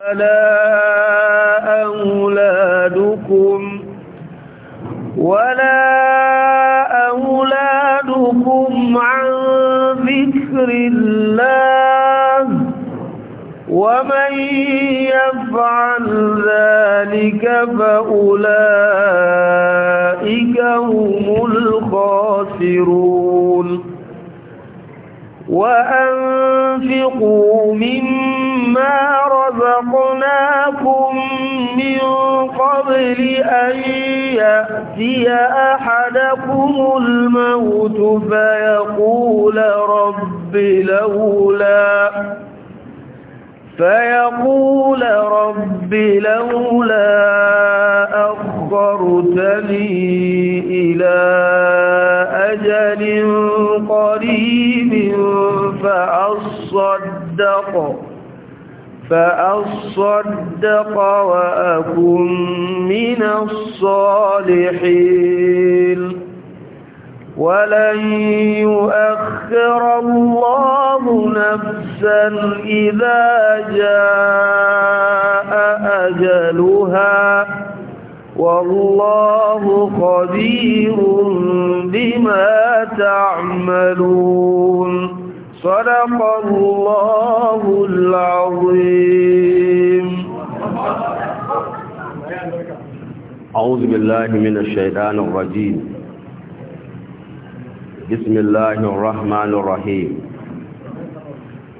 ولا أولادكم ولا أولادكم عن ذكر الله ومن يفعل ذلك فأولئك هم الخاسرون وأنفقوا مما لكم من قبل أن يأتي أحدكم الموت فيقول رب لولا فيقول رب لولا أخرتني إلى أجل قريب فأصدق فأصدق وأكن من الصالحين ولن يؤخر الله نفسا إذا جاء أجلها والله خبير بما تعملون صدق الله العظيم أعوذ بالله من الشيطان الرجيم بسم الله الرحمن الرحيم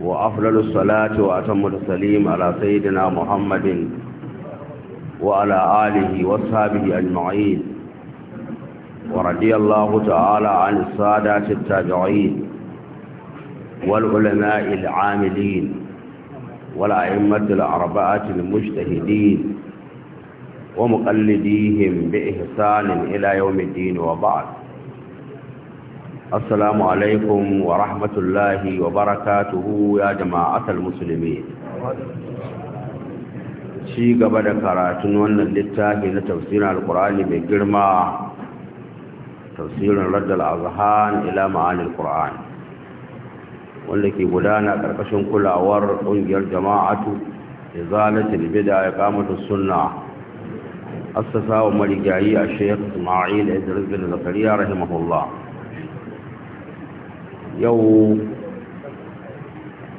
وأفضل الصلاة وأتم التسليم على سيدنا محمد وعلى آله وصحبه أجمعين ورضي الله تعالى عن السادات التابعين والعلماء العاملين والأئمة الأربعة المجتهدين ومقلديهم بإحسان إلى يوم الدين وبعد السلام عليكم ورحمة الله وبركاته يا جماعة المسلمين ci قبل da karatun wannan littafi القرآن tafsirin تفسير mai girma إلى معاني القرآن wanda ke gudana ƙarƙashin kulawar ƙungiyar jama'atu izalatul bid'a iqamatus sunna assasa wa marigayi a Sheikh Isma'il Idris bin Zakariya rahimahullah yau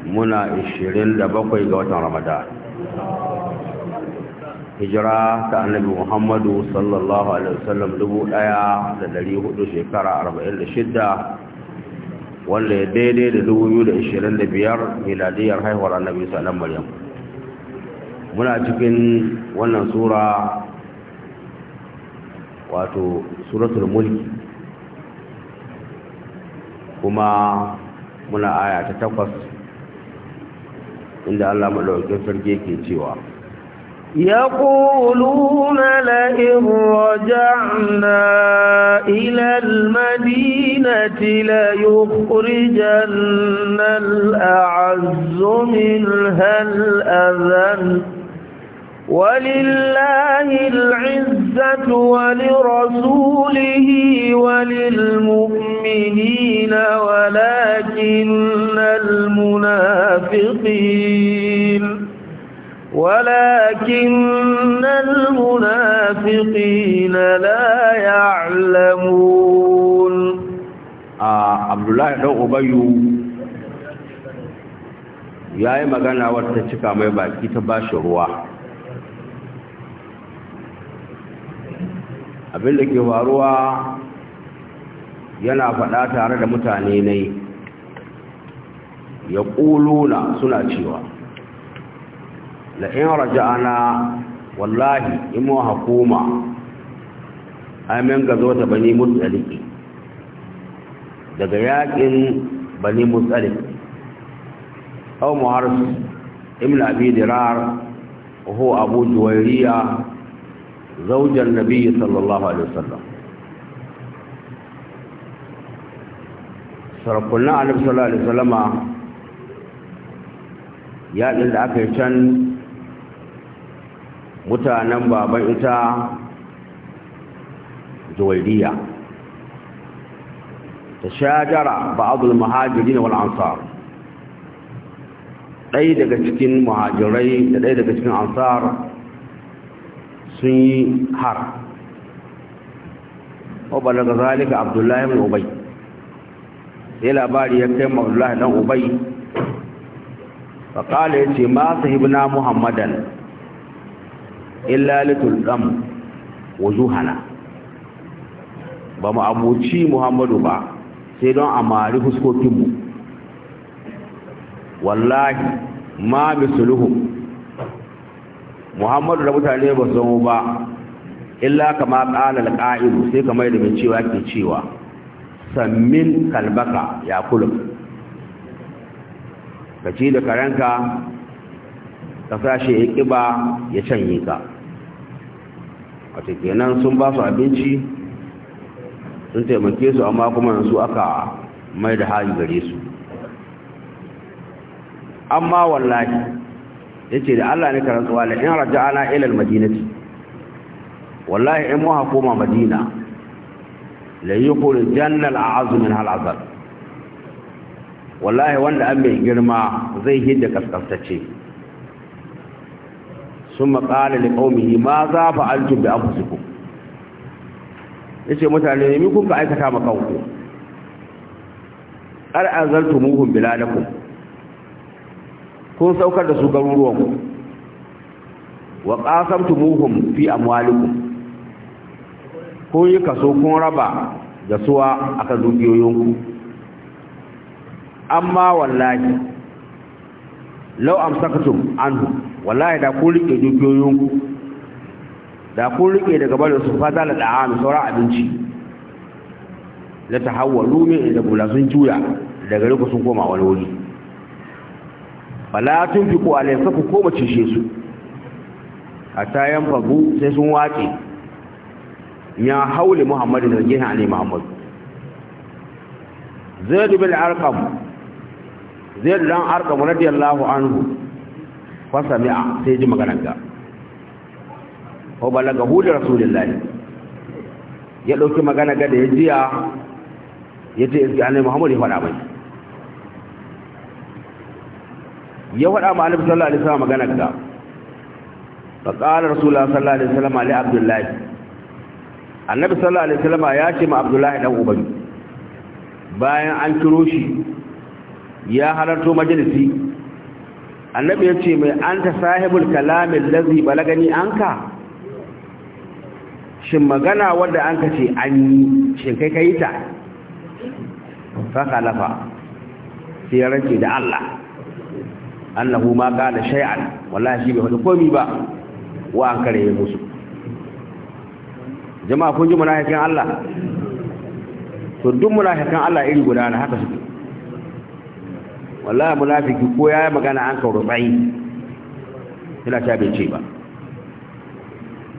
muna 27 ga watan Ramadan hijira ta annabi Muhammadu sallallahu alaihi wasallam 1400 shekara 46 wanda ya daidai da 2025 miladiyar haihuwar annabi sallallahu maryam muna cikin wannan sura wato suratul mulki kuma muna aya ta takwas inda Allah maɗaukin sarki ke cewa يقولون لئن رجعنا إلى المدينة ليخرجن الأعز منها الأذن ولله العزة ولرسوله وللمؤمنين ولكن المنافقين ولكن المنافقين لا يعلمون عبد الله بن ابي yayi magana wata cika mai baki ta bashi ruwa abin da ke faruwa yana faɗa tare da mutane ne ya ƙuluna suna cewa لئن رجعنا والله إمو حكومة أمن قذوت بني مسألك دقياك إن بني مسألك أو معرس ابن أبي درار وهو أبو جويرية زوج النبي صلى الله عليه وسلم سرقنا عن صلى الله عليه وسلم يا للأكشن mutanen baban ita juwairiya ta shajara ba'adul muhajirin wal ansar ɗaya daga cikin muhajirai da ɗaya daga cikin ansar sun yi har ɓaɓɓa daga zalika abdullahi mai ubai sai labari ya kai abdullahi ɗan ubai faƙala ya ce ma sahibna muhammadan illa litulqam wujuhana ba mu abuci muhammadu ba sai don a mari fuskokinmu wallahi ma misluhum muhammadu da mutane ba zama ba illa kama qala alqa'il sai kamar da mai cewa ke cewa sammin kalbaka ya kulum ci da karenka, ka sashe ya kiba ya canye ka wata kenan sun ba su abinci sun taimake su amma kuma yanzu aka mai da hali gare su amma wallahi ya ce da Allah ne karantsuwa da in ana ilal madinati wallahi in muha koma madina la yukhul jannal a min hal azab wallahi wanda an mai girma zai hidda kaskantacce ثم قال لقومه ماذا فعلتم Ya yace mutane ne mi kuka aikata ma kanku ar azaltumuhum biladakum kun saukar da su garuruwanku wa qasamtumuhum fi amwalikum kun yi kaso kun raba da suwa akan dukiyoyinku amma wallahi lau amsakatum anhu wallahi da kun rike dukiyoyinku da kun rike daga barin su fa zala da'am sauran abinci la tahawwalu min da bulazun juya daga riko sun koma wani wuri fala alai saku ko koma cishe su hatta fagu sai sun wace ya haule muhammadin da jihan ali muhammad zaid bin arqam zai dan arqam radiyallahu anhu fa sami'a sai ji maganar ga ko balaga hu da rasulullahi ya dauki magana ga da ya jiya yace izi annabi Muhammad ya faɗa mai ya faɗa ma annabi sallallahu alaihi wasallam magana ga fa qala rasulullahi sallallahu alaihi wasallam ali abdullahi annabi sallallahu alaihi wasallam ya ce ma abdullahi dan ubangi bayan an kiro shi ya halarto majalisi annabi ya ce mai an ta sahibul kalamin lazi balagani an ka shin magana wadda an ka ce an yi shin kai ka yi ta fakalafa sai ya rance da Allah annahu ma gane shay'an wallahi shi bai faɗi komi ba wa an kare musu jama'a kun ji munafikan Allah to duk munafikan Allah iri guda na haka suke wallahi munafiki ko yayi magana an ka rubai ila ta bai ce ba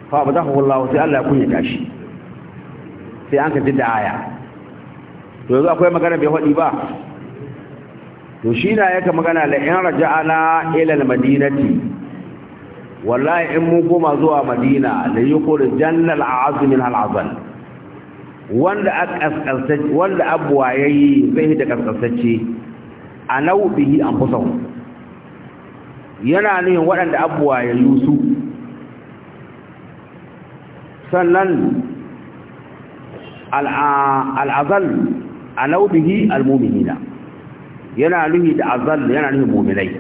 fa badahu Allah sai Allah ya kunya tashi sai an ka ji aya to yanzu akwai magana bai hadi ba to shi na yaka magana la in raja'ana ila al-madinati wallahi in mu koma zuwa madina la yuqul jannal a'azm min al-azal wanda akaskasacce wanda abwayayi zai da kaskasacce a nau'ihi an fusa yana nuhin waɗanda abuwa ya yi sannan al'azal a nau'ihi al-muminina yana nuhi da azal yana nuhin muminai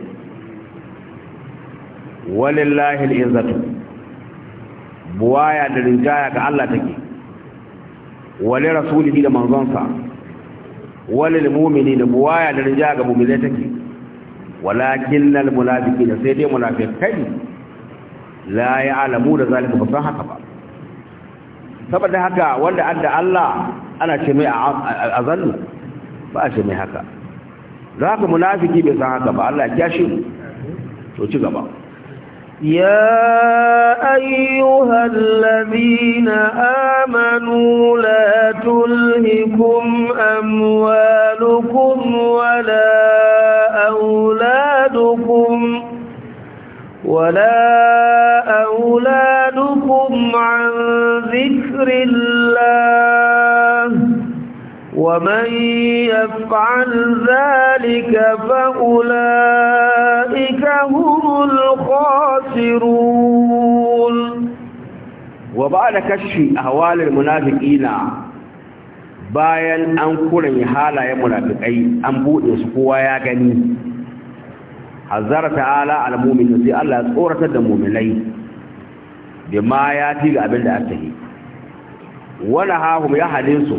walillahi al'izzatu buwaya da rinjaya ga Allah take wali rasulihi da manzonsa wani mumini da buwaya da rinja ga mumini take walakin nal munafiki da sai dai munafikai la ya alamu da zalika ba san haka ba saboda haka wanda adda Allah ana ce mai azallu ba a ce mai haka za ka munafiki bai san haka ba Allah ya kyashe to ci gaba يا أيها الذين آمنوا لا تلهكم أموالكم ولا أولادكم ولا أولادكم عن ذكر الله ومن يفعل ذلك فأولئك هم الخاسرون وبعد كشف أهوال المنافقين bayan an kurin halayen munafikai an buɗe su kowa ya gani hazara ta'ala al sai Allah ya tsoratar da mu'minai da ya ci ga da aka yi wala hahum ya halin su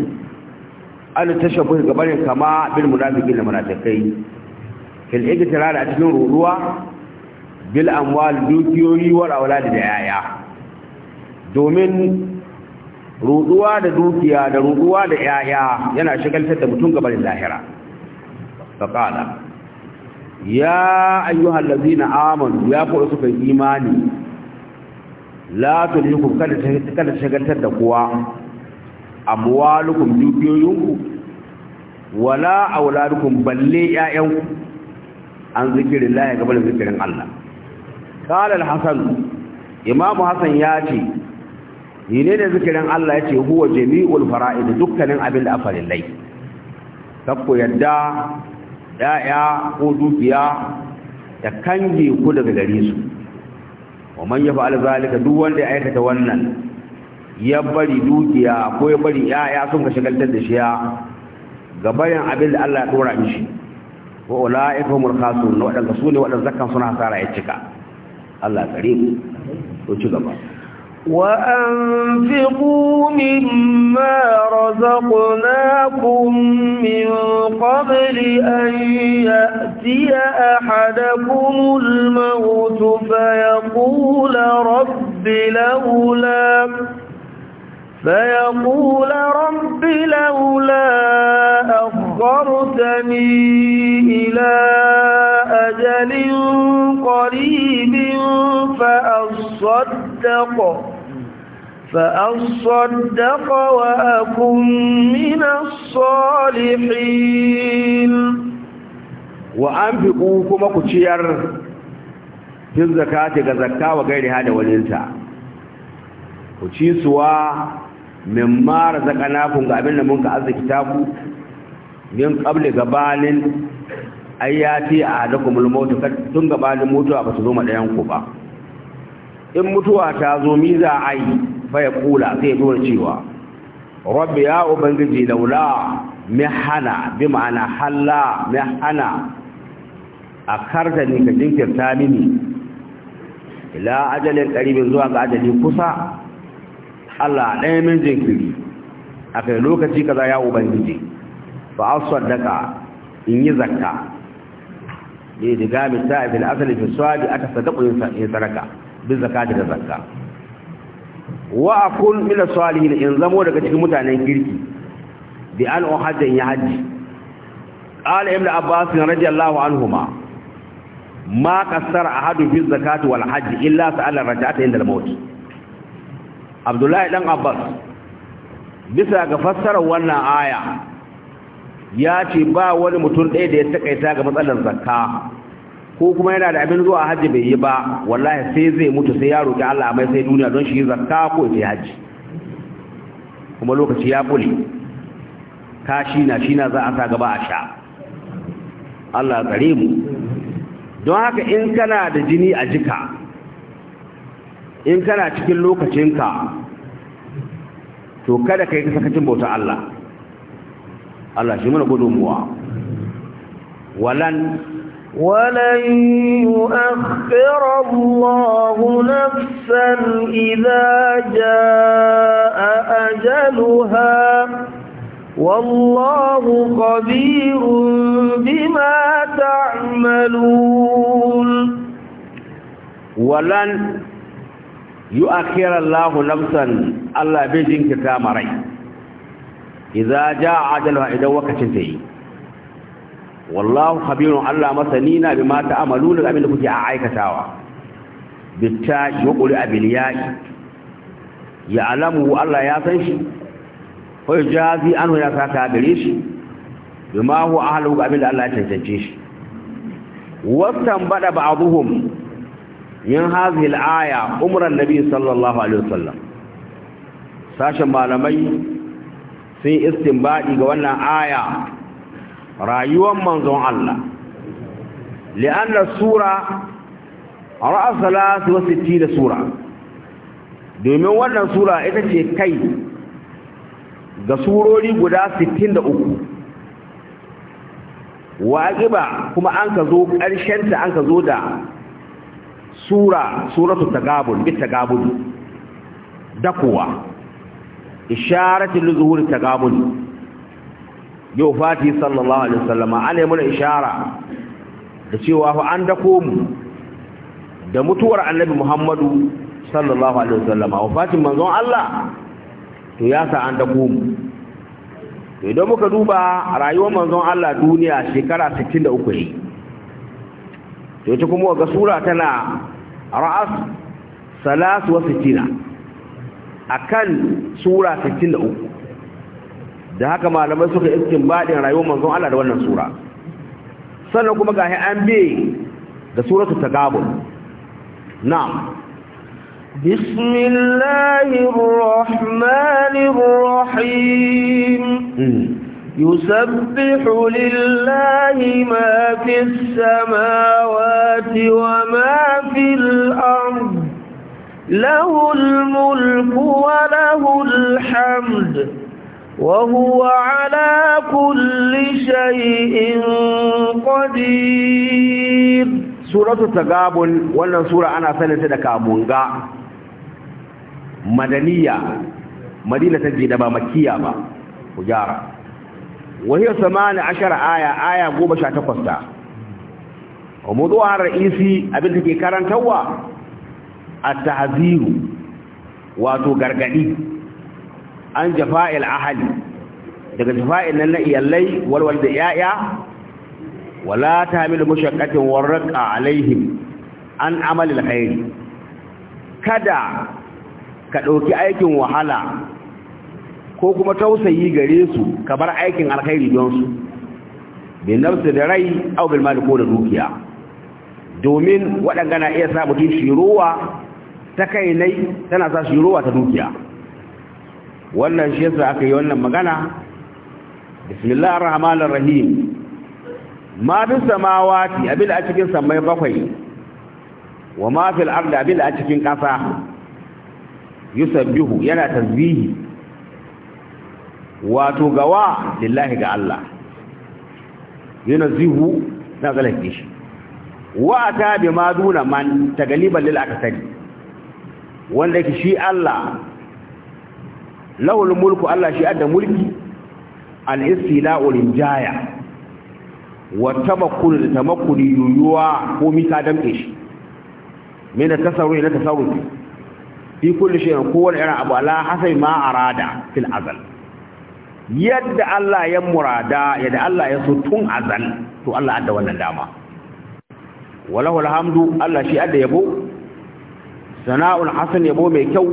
an ga gabarin kama bil munafiqin da munafikai fil igtirar a cikin ruwa bil amwal dukiyoyi wal aulad da yaya domin ruduwa da dukiya da ruduwa da yaya yana shigaltar da mutum gabarin lahira faqala ya ayyuhal ladina amanu ya ku kai imani la tulhikum kada kada shagaltar da kowa amwalukum dukiyoyinku wala auladukum balle 'ya'yanku, an zikirin lahi gaba da zikirin Allah qala al-hasan imamu hasan yace ce ne zikirin Allah yace huwa jami'ul fara'id dukkanin abin da afarillai kakku yadda ƴaƴa ko dukiya ya kange ku daga gare su wa man yafa'al zalika duk wanda ya aikata wannan ya bari dukiya ko ya bari yaya sun ka shagaltar da shi ya ga bayan abin da Allah ya dora mishi wa ulaika humul khasirun wadanda su ne wadanda zakkan suna hasara ya cika Allah karim to ci gaba Wa وأنفقوا مما رزقناكم من قبل أن يأتي أحدكم الموت فيقول رب لولا فيقول رب لولا أخرتني إلى أجل قريب فأصدق فأصدق وأكن من الصالحين وأنفقوا كما كتير في الزكاة كزكاة وغيرها دولينتا كتيسوا min ma razaqnakum ga abin da mun ka arziki ta ku min qabli gabanin ayyati ahadakumul maut tun gabanin mutuwa ba su zo ma dayan ku ba in mutuwa ta zo miza za a yi fa ya kula sai dole cewa rabbi ya ubangiji laula mihana bi ma'ana halla mihana akarta ni ka jinkirta mini ila ajalin qaribin zuwa ga ajali kusa Allah ɗaya min jinkiri a kai lokaci kaza ya ubangiji fa asaddaka in yi zakka ne da gami fil asali fi swadi aka sadaku yin saraka bin zakati da zakka wa a kun mila min ne in zamo daga cikin mutanen kirki bi an hajjan ya haji qala ibnu abbas radiyallahu anhuma ma a hadu bi zakati wal Alhaji illa sa'ala raja ta yin maut abdullahi dan abbas bisa ga fassarar wannan aya ya ce ba wani mutum ɗaya da ya takaita ga matsalar zakka ko kuma yana da abin zuwa hajji bai yi ba wallahi sai zai mutu sai yaro ki Allah mai sai duniya don shi zakka ko ya hajji kuma lokaci ya ka shi na shi na za a sa gaba a sha Allah tsare mu don haka in kana da jini a jika in kana cikin lokacinka to kada ka yi sakacin bauta Allah Allah shi mana gudunmuwa walan ولن يؤخر الله نفسا إذا جاء أجلها والله خبير بما تعملون ولن yi akhirar lahu lamsan Allah bai jinkirta marai iza ja ajalwa idan wakacin ta yi wallahu khabirun Allah masani na bi mata amalu da abin da kuke a aikatawa bitta wa qul abiliyai ya alamu Allah ya san shi ko jazi anhu ya saka gare shi bima hu ahlu abin da Allah ya tantance shi wasan bada ba'dhum min hazi al-aya umran nabi sallallahu alaihi wasallam sashen malamai sun istinbadi ga wannan aya rayuwar manzon Allah li'anna sura ra'a 63 sura domin wannan sura ita ce kai ga surori guda 63 wa aqiba kuma an ka zo an ka zo da sura suratu tagabun bi tagabun dakuwa isharatin zuhuri tagabun yau fati sallallahu alaihi wasallama ana mun ishara da cewa fa an dako mu da mutuwar annabi Muhammadu sallallahu alaihi wasallama wafatin manzon Allah to ya sa an dako mu to idan muka duba rayuwar manzon Allah duniya shekara 63 ne to ita kuma ga sura tana ra'as salasu wa sittina akan sura 63 da haka malamai suka baɗin rayuwar manzon Allah da wannan sura sannan kuma ga an bi da suratul tagabun na'am بسم الله الرحمن يسبح لله ما في السماوات وما في الأرض له الملك وله الحمد وهو على كل شيء قدير سورة التقابل وانا سورة أنا ثالثة دكابونغا مدنية مدينة جدبا مكية با وجارة وهي ثمان عشر آية آية قوبة شاتقصة وموضوع الرئيسي أبنت في كاران توا التحذير واتو قرقعي عن جفاء الأهل daga jafa'in nan na iyallai walwal da yaya wala tahmilu mashakkatin warqa alaihim an amali alkhair kada ka ɗauki aikin wahala ko kuma tausayi gare su kamar aikin alkhairi don su bi nafsi da rai aw bil mal ko da dukiya domin waɗanda na iya sa mutum shirowa ta kai nai tana sa shirowa ta dukiya wannan shi yasa aka yi wannan magana bismillahir rahmanir rahim ma fi samawati abil a cikin samai bakwai wa ma fil ardi abil a cikin ƙasa yusabbihu yana tasbihi wato gawa lillahi ga Allah yana zihu na zalafi shi wa bi ma duna man tagaliban lil akasari wanda ki shi Allah lahul mulku Allah shi adda mulki al istila'u linjaya wa tamakkul da tamakkuli yuyuwa ko mi damke shi me da na tasarrufi fi kulli shay'in kowane irin abu ala hasai ma arada fil azal yadda Allah ya murada yadda Allah ya so tun azal to Allah adda wannan dama walahul hamdu Allah shi adda yabo sana'ul hasan yabo mai kyau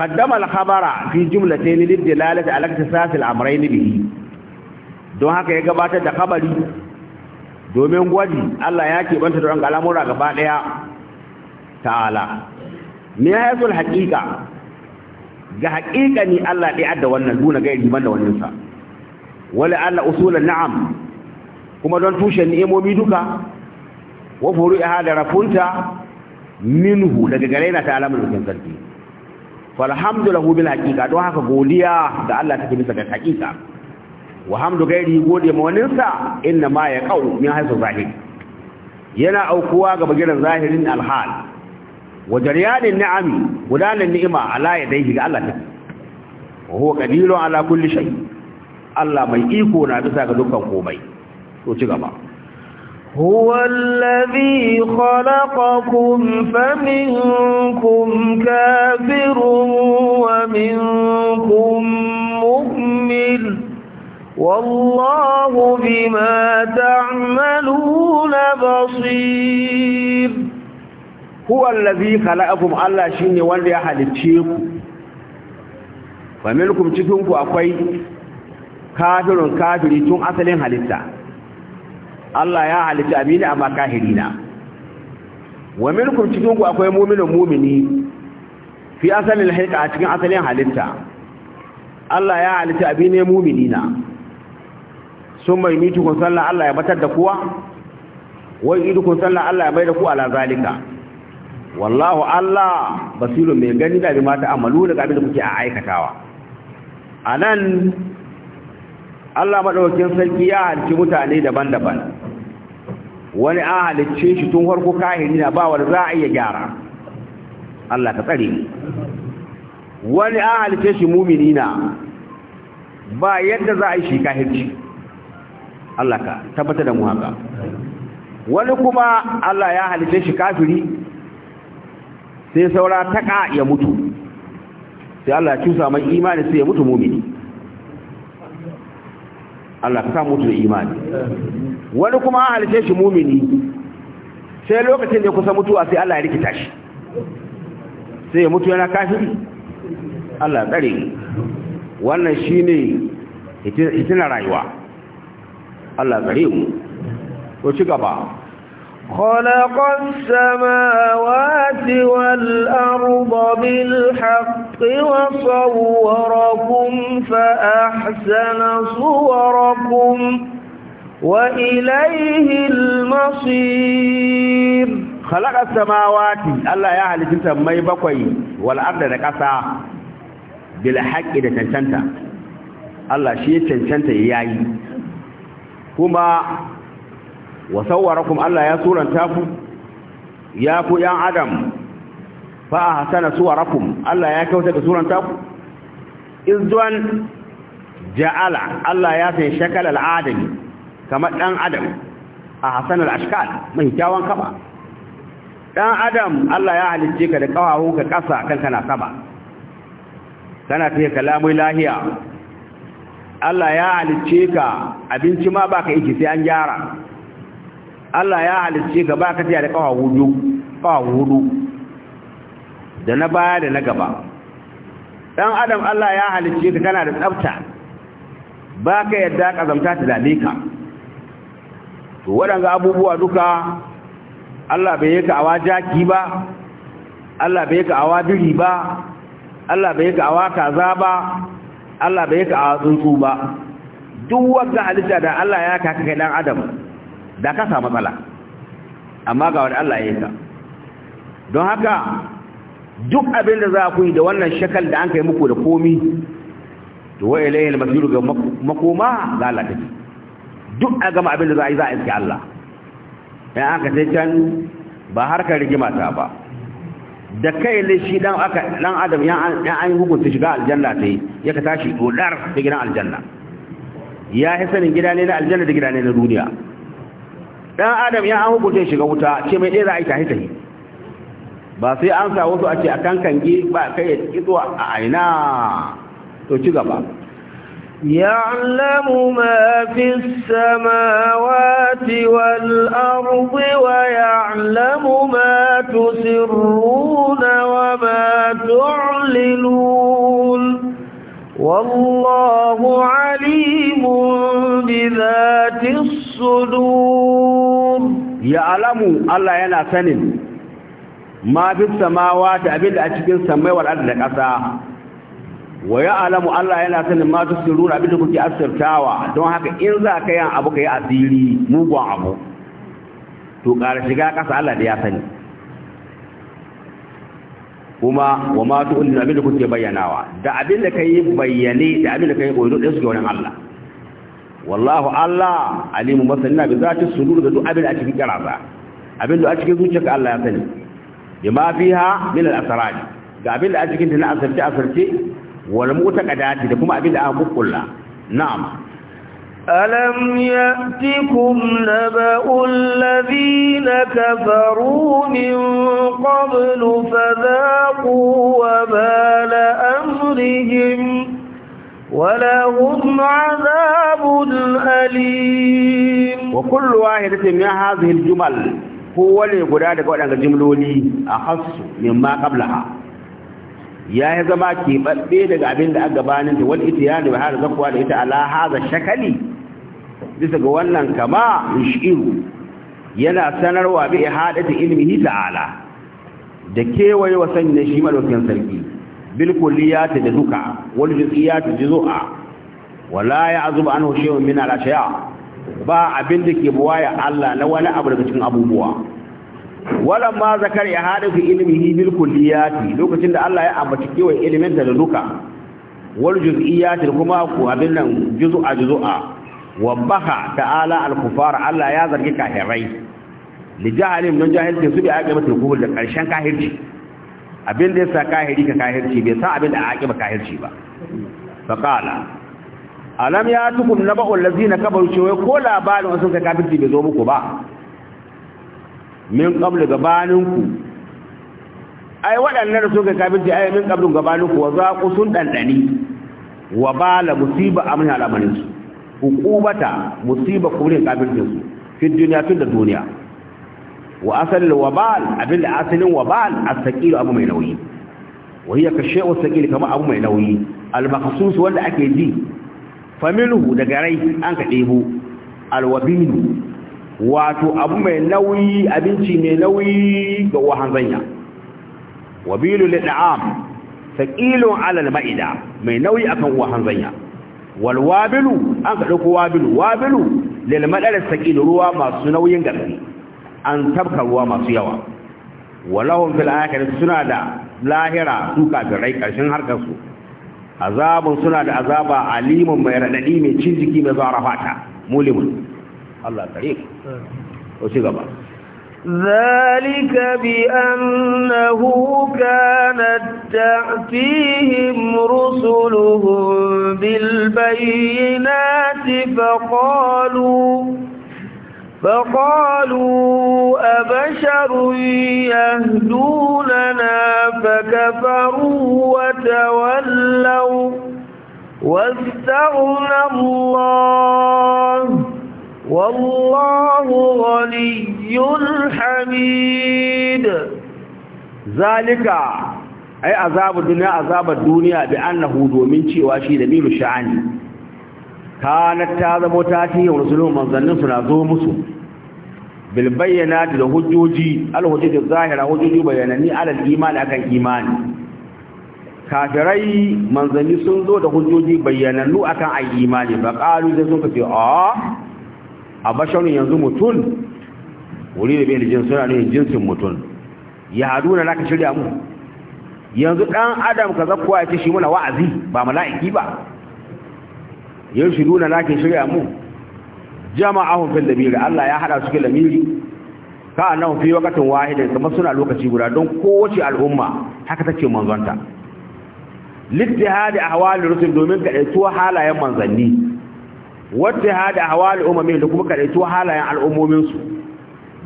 qaddama al khabara fi jumlatayn lid dilalati ala iktisas al amrayn bihi don haka ya gabatar da khabari domin gwaji Allah ya keɓanta da al'amura gaba daya ta'ala ne hayatul haqiqa ga haƙiƙani Allah ɗaya adda wannan duna gairi man da wannan sa wala usulan na'am kuma don tushen ni'imomi duka wa furu'iha da rafunta minhu daga gare na ta alamar bikin sarki falhamdulahu bil haqiqa don haka godiya da Allah take bisa ga haqiqa wa hamdu gairi gode ma wannan sa inna ma ya kau min haisu zahiri yana aukuwa ga bagiran zahirin alhal Wajen wajariyanin ni'ami gudanar ni'ima ala ya daiji ga Allah ta huwa kadiru ala kulli shay Allah mai iko na bisa ga dukkan komai to ci gaba huwa ku khalaqakum faminkum kafirun wa minkum mu'min wallahu bima ta'maluna basir huwa allazi khalaqakum Allah shine wanda ya halicce ku fa cikin ku akwai kafirun kafiri tun asalin halitta Allah ya halice amina amma kafirina wa minkum cikin ku akwai mu'minu mu'mini fi asalin halitta a cikin asalin halitta Allah ya halitta amina mu'minina sun mai mitu kun sallah Allah ya batar da kuwa wai idu kun sallah Allah ya bai da ku ala zalika wallahu Allah basiru mai gani da bi mata amalu da abin da kuke a aikatawa anan Allah madaukakin sarki ya halci mutane daban-daban wani an halicce shi tun farko kahiri na ba wani za a iya gyara Allah ka tsare ni wani an halicce shi mumini na ba yadda za a yi shi kahirci Allah ka tabbata da mu haka wani kuma Allah ya halicce shi kafiri sai saura taƙa ya mutu sai Allah ya cusa mai imani sai ya mutu mumini Allah ka mutu da imani wani kuma a halice shi mumini sai lokacin da kusa mutuwa sai Allah ya rikita shi sai ya mutu yana kafiri Allah tsare wannan shine itina rayuwa Allah tsare mu to ci gaba خلق السماوات والأرض بالحق وصوركم فأحسن صوركم وإليه المصير خلق السماوات الله يعلي جنسا مي بكوي والأرض نكسا بالحق إذا تنشنت الله شيء تنشنت إياي كما wa sawwarakum Allah ya suranta ku ya ku yan adam fa ahsana suwarakum Allah ya kauta da suranta ku izwan ja'ala Allah ya san shakal al-adam kamar dan adam ahsana al-ashkal mai kyawun kaba dan adam Allah ya halicce ka da kawahu ka kasa kan kana sama kana fiye kalamu lahiya Allah ya halicce ka abinci ma baka yake sai an gyara Allah ya halicce ka ba ka tiya da kawa hudu kawa hudu da na baya da na gaba dan adam Allah ya halicce ka kana da tsafta ba ka yadda kazamta ta dame ka to waɗanga abubuwa duka Allah bai yi ka awa jaki ba Allah bai yi ka awa biri ba Allah bai yi ka awa kaza ba Allah bai yi ka awa tsuntsu ba duk wanda halitta da Allah ya kaka kai dan adam da ka samu matsala amma ga wani Allah ya yi ka don haka duk abin da za ku yi da wannan shakal da an ka yi muku da komi to wa ilayhi al-masiru ga makoma ga Allah take duk a gama abin da za a yi za a iske Allah in aka sai can ba harkar rigima ta ba da kai ne shi dan aka dan adam ya an hukunta shiga aljanna sai ya ka tashi dodar ta gidan aljanna ya hisanin gida ne na aljanna da gida ne na duniya dan adam ya an hukunta shiga wuta ce mai dai za a yi tahi tahi ba sai an sa wasu a ce a kankange ba kai ya kitso a aina to ci gaba يعلم ما في السماوات والأرض ويعلم ما تسرون وما تعلنون والله عليم بذات الصدور sudur ya alamu Allah yana sanin ma fi samawa ta abin da a cikin samai wal da ƙasa wa ya alamu Allah yana sanin ma fi sirruna abin da kuke asirtawa don haka in za ka yi abu ka yi asiri mugun abu to ƙara shiga ƙasa Allah da ya sani kuma wa ma tu'linu abin da kuke bayyanawa da abin da kai bayyane da abin da kai koyo din su ga wannan Allah wallahu Allah alimu masanina bi zati sudur da duk abin a cikin karasa abin da a cikin zuciyarka Allah ya sani bima fiha min al-asrar ga abin da a cikin tana asarci asarci wal mutaqadati da kuma abin da aka kukkulla na'am ألم يأتكم نبأ الذين كفروا من قبل فذاقوا وبال أمرهم ولهم عذاب أليم وكل واحدة من هذه الجمل هو لقرادة قولنا الجملولي أخص مما قبلها يا زما كيبابي daga abin da agabanin da wal itiyan da har zakwa da ita ala hada shakali bisa ga wannan kama shiru yana sanarwa bi ihadati ilmihi ta'ala da kewaye wasan shi malakin sarki بالكليات جزوكا والجزئيات جزوءا ولا يعزب عنه شيء من الأشياء ba abinda ke buwaya Allah na wani abu daga cikin abubuwa walan ma zakar ya hada ilimi ilmihi bil kulliyati lokacin da Allah ya ambaci kewa ilimin da duka wal juz'iyati kuma ku abin nan juz'a juz'a wa baha ta'ala al Allah ya zargi kafirai li jahalim nun jahil ke su bi aqibatul kufur da karshen kafirci abin da yasa kahiri ka kahirci bai sa abin da ba kahirci ba faqala alam yatukum naba'u allazina kabaru cewa ko labarin wasu ka kafirci bai zo muku ba min qablu gabaninku ai waɗannan sun kai kafirci ai min qablu gabaninku wa ku sun dandani wa bala musiba amna al'amarin su uqubata musiba ne kafirci su fi duniya tun da duniya wa asalin wabal abinda asalin wabal a Sakilu abu mai nauyi wai ya kashe wa Sakilu kamar kama abu mai nauyi al-makhsus wanda ake ji faminhu daga rai an ka debo al wato abu mai nauyi abinci mai nauyi ga wahan zanya wabilu lid'am Sakilun 'ala al-ma'ida mai nauyi akan wahan zanya wal wabilu an ka dauko wabilu wabilu lil madar Sakilu ruwa masu nauyin gaske an tabka ruwa masu yawa walahum fil akhirati suna da lahira su kafirai karshen harkar su azabun suna da azaba alimun mai radadi mai cin jiki mai zara fata mulimun Allah karim to ci gaba ذلك بأنه كانت تأتيهم رسلهم بالبينات فقالوا فقالوا أبشر يهدوننا فكفروا وتولوا واستغنى الله والله غني حميد ذلك أي عذاب الدنيا عذاب الدنيا بأنه دومين شيء وشيء دمير الشعاني kanat ta zamo ta tiyin rasulun manzannin suna zo musu bil bayyana da hujjoji al hujjoji zahira hujjoji bayanani alal imani akan imani kafirai manzanni sun zo da hujjoji bayanannu akan ai imani ba qalu da sun kace a a basharun yanzu mutun wuri da bai jin suna ne jinsin mutun ya na naka shirya mu yanzu dan adam kaza ya ce shi muna wa'azi ba mala'iki ba nuna lakin shirya mu jama'ahum fil lamiri Allah ya hada su lamiri ka annahu fi waqtin wahidin kuma suna lokaci guda don kowace al'umma haka take manzonta littihadi ahwali rusul domin kadaituwa halayen manzanni wattihadi ahwali umami da kuma kadaituwa halayen al'ummomin su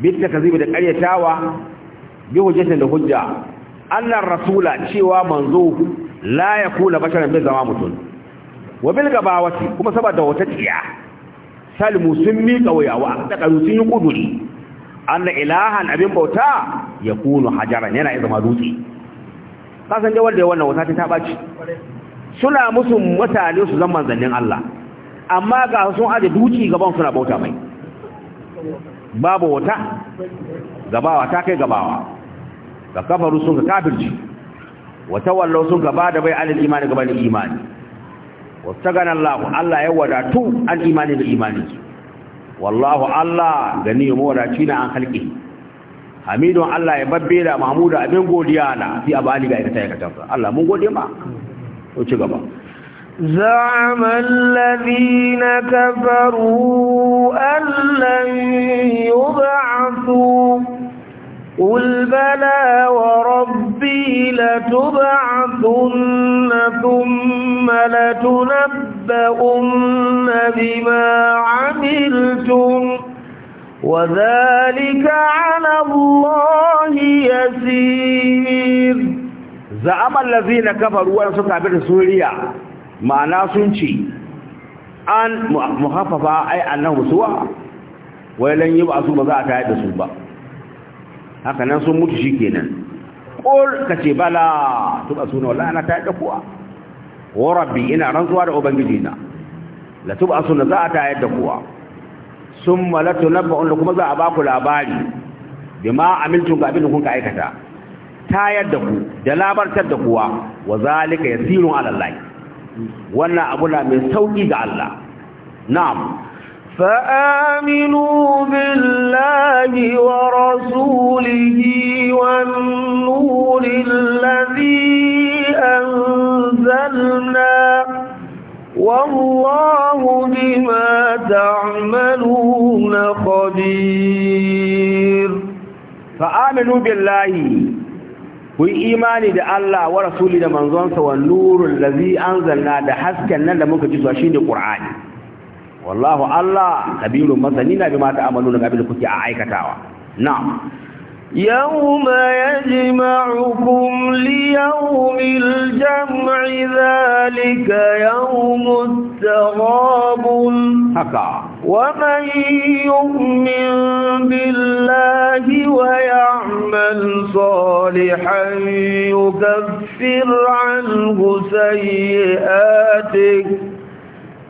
bitta kazibi da karyatawa bi hujjatin da hujja Allah rasula cewa manzo la yakula basharan bi zama mutum wa bil gabawati kuma saboda wata tsiya salmu sun miƙa wayawa da karu sun yi kuduri anna ilahan abin bauta ya kunu hajaran yana zama dutse kasan jawar da wannan wata ta baci suna musu mutane su zama zannin Allah amma ga sun aje duci gaban suna bauta mai babu wata gabawa ta kai gabawa ga kafaru sun ka kafirci wata wallo sun gaba da bai alil imani gaban imani wattagana Allah Allah ya wadatu an imani da imani wallahu Allah gani mu wadaci na an halki hamidun Allah ya babbe da mahmuda abin godiya na fi abali ga aikata aikata Allah mun gode ma to ci gaba زعم الذين كفروا أن لن يبعثوا قل بلى وربي لتبعثن ثم لتنبؤن بما عملتم وذلك على الله يسير زعم الذين كفروا أن ستعبر سوريا معنى سنشي أن مخففة أي أنهم سوى ولن يبعثوا بذاك يدسوا سبب haka nan sun mutu shikenan qul kace bala tuba suna wallahi ana ta kuwa? wa rabbi ina rantsuwa da ubangiji na la tuba suna za ta yadda kuwa summa la tunabba kuma za a baku labari bima amiltum ga abin kun ka aikata tayar da ku da labartar da kuwa wa zalika yasirun ala Allah wannan abu na mai sauki ga Allah na'am فآمنوا بالله ورسوله والنور الذي أنزلنا والله بما تعملون خبير فآمنوا بالله ku yi imani da Allah wa rasuli da manzonsa wa nurul an zanna da hasken nan da muka ji shi shine Qur'ani wallahu Allah kabirun masanina bima ta'maluna قبل abin da kuke a aikatawa na'am يوم يجمعكم ليوم الجمع ذلك يوم التغابن ومن يؤمن بالله ويعمل صالحا يكفر عنه سيئاته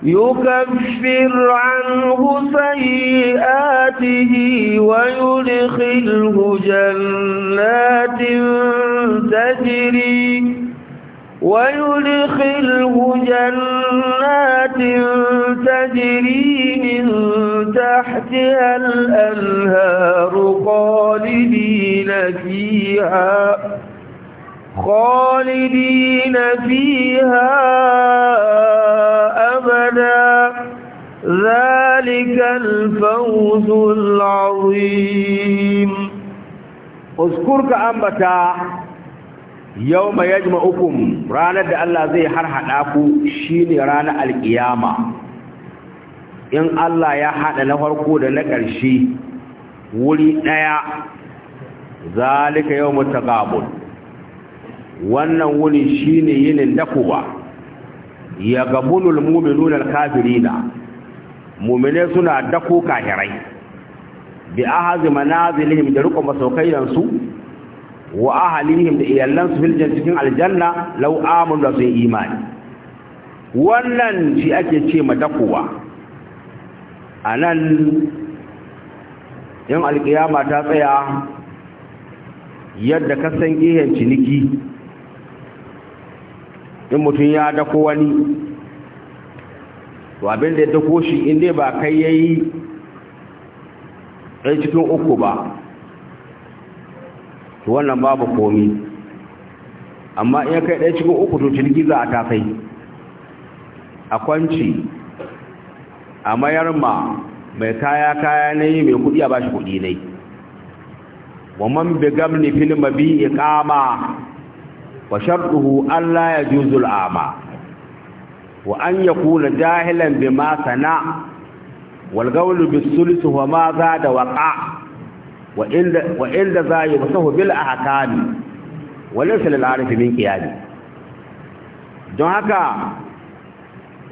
يكفر عنه سيئاته ويدخله جنات تجري ويدخله جنات تجري من تحتها الأنهار خالدين فيها خالدين فيها أبدا ذلك الفوز العظيم اذكرك أنبتا يوم يجمعكم رانا الله زي ناكو شيني رانا القيامة إن الله يا حانا نفرقو farko da ولي نيا ذلك يوم التقابل wannan wuni shine yinin dakuwa ya gabulul mu'minuna al-kafirina mu'mine suna dako kafirai bi ahazi manazilihim da riko masaukayansu wa ahalihim da su fil jannatin cikin aljanna law amanu da sun imani wannan shi ake ce ma dakuwa anan yan alkiyama ta tsaya yadda ka san gehen ciniki in mutum ya dako wani to abin da ya dako shi in dai ba kai yayi ɗan cikin uku ba to wannan babu komi amma in kai ɗan cikin uku to cin giza a tafai a kwanci a mayar ma mai kaya kaya ne mai kudi a bashi kudi ne wa man bi gamni fil mabi iqama wa shartuhu Allah ya juzul ama wa an kula jahilan bima sana wal qawlu bis sulus wa ma da waƙa. wa inda wa inda za yubsahu bil ahkam wa laysa lil arif min qiyadi don haka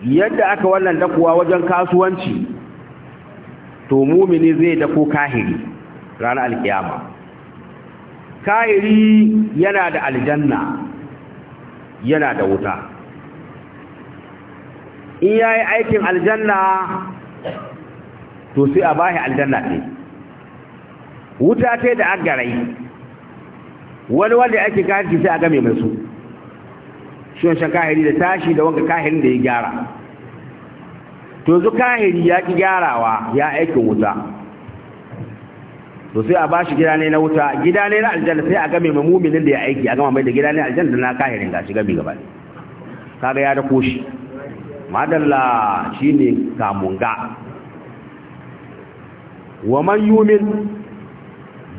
yadda aka wannan dakuwa wajen kasuwanci to mumini zai dako kahiri ranar alkiyama kairi yana da aljanna yana da wuta in ya yi aikin aljanna to sai a bahi aljanna ne wuta ce da agarai wani wanda ake kafin sai a game mai su shoshen kahiri da tashi da wanka kahirin da ya gyara to zu kahiri ya ki gyarawa ya aikin wuta to sai a bashi gida ne na wuta gida ne na aljanna sai a game mai muminin da ya aiki a gama mai da gida ne aljanna na kahirin ga shi gabi gaba kaga ya da koshi madalla shine kamunga wa man yumin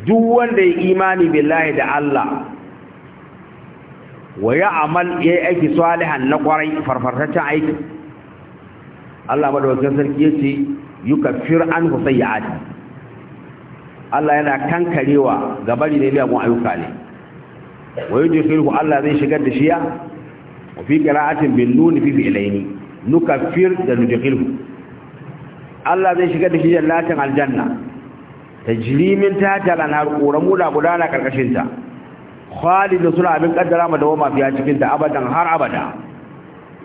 duk wanda ya imani billahi da Allah wa ya amal ya aiki salihan na kwarai farfartaccen aiki Allah madawacin sarki ya ce yi kafir an Allah yana kankarewa ga bari da miyagun ayyuka ne wa yudkhiluhu Allah zai shigar da shiya. ya wa fi qira'atin bin nun fi fi'laini fir da nudkhiluhu Allah zai shigar da shi jannatin aljanna tajrimin ta talan har koramu da gudana karkashin ta khalid suna abin kaddara ma dawama mafiya cikin ta abadan har abada